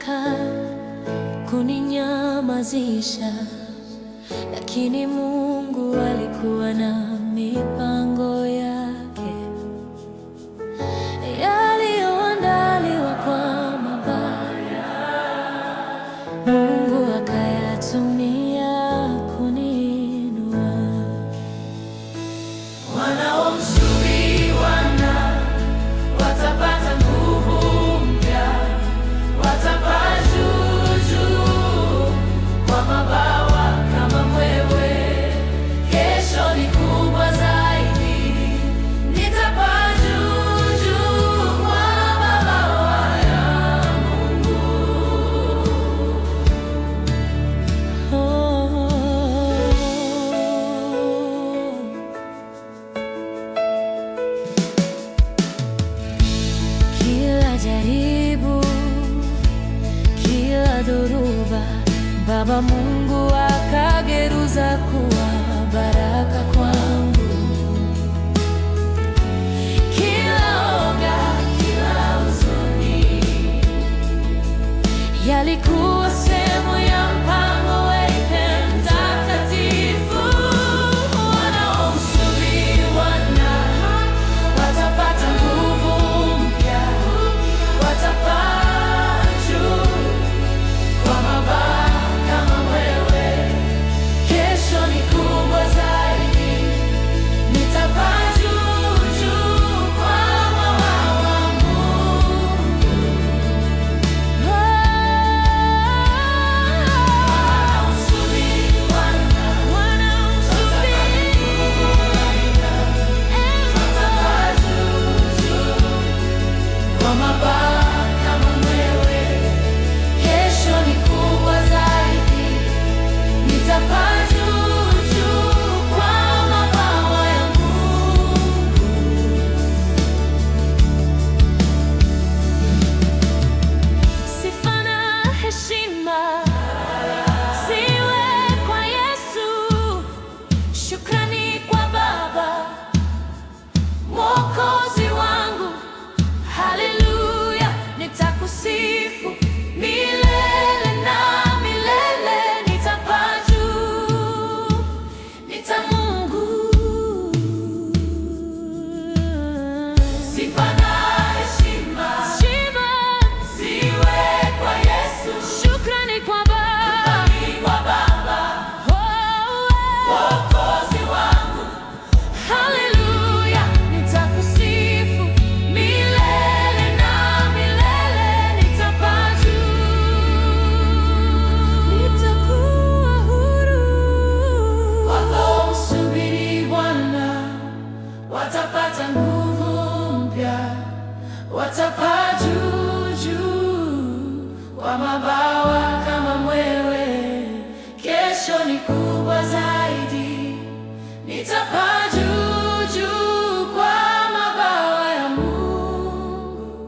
kutaka kuninyamazisha, lakini Mungu alikuwa na mipango ya na dhoruba, Baba Mungu akageuza kuwa baraka kwangu. Kila oga, kila huzuni yaliku my watapaa juu juu kwa mabawa kama mwewe. Kesho ni kubwa zaidi, nitapaa juu juu kwa mabawa ya Mungu.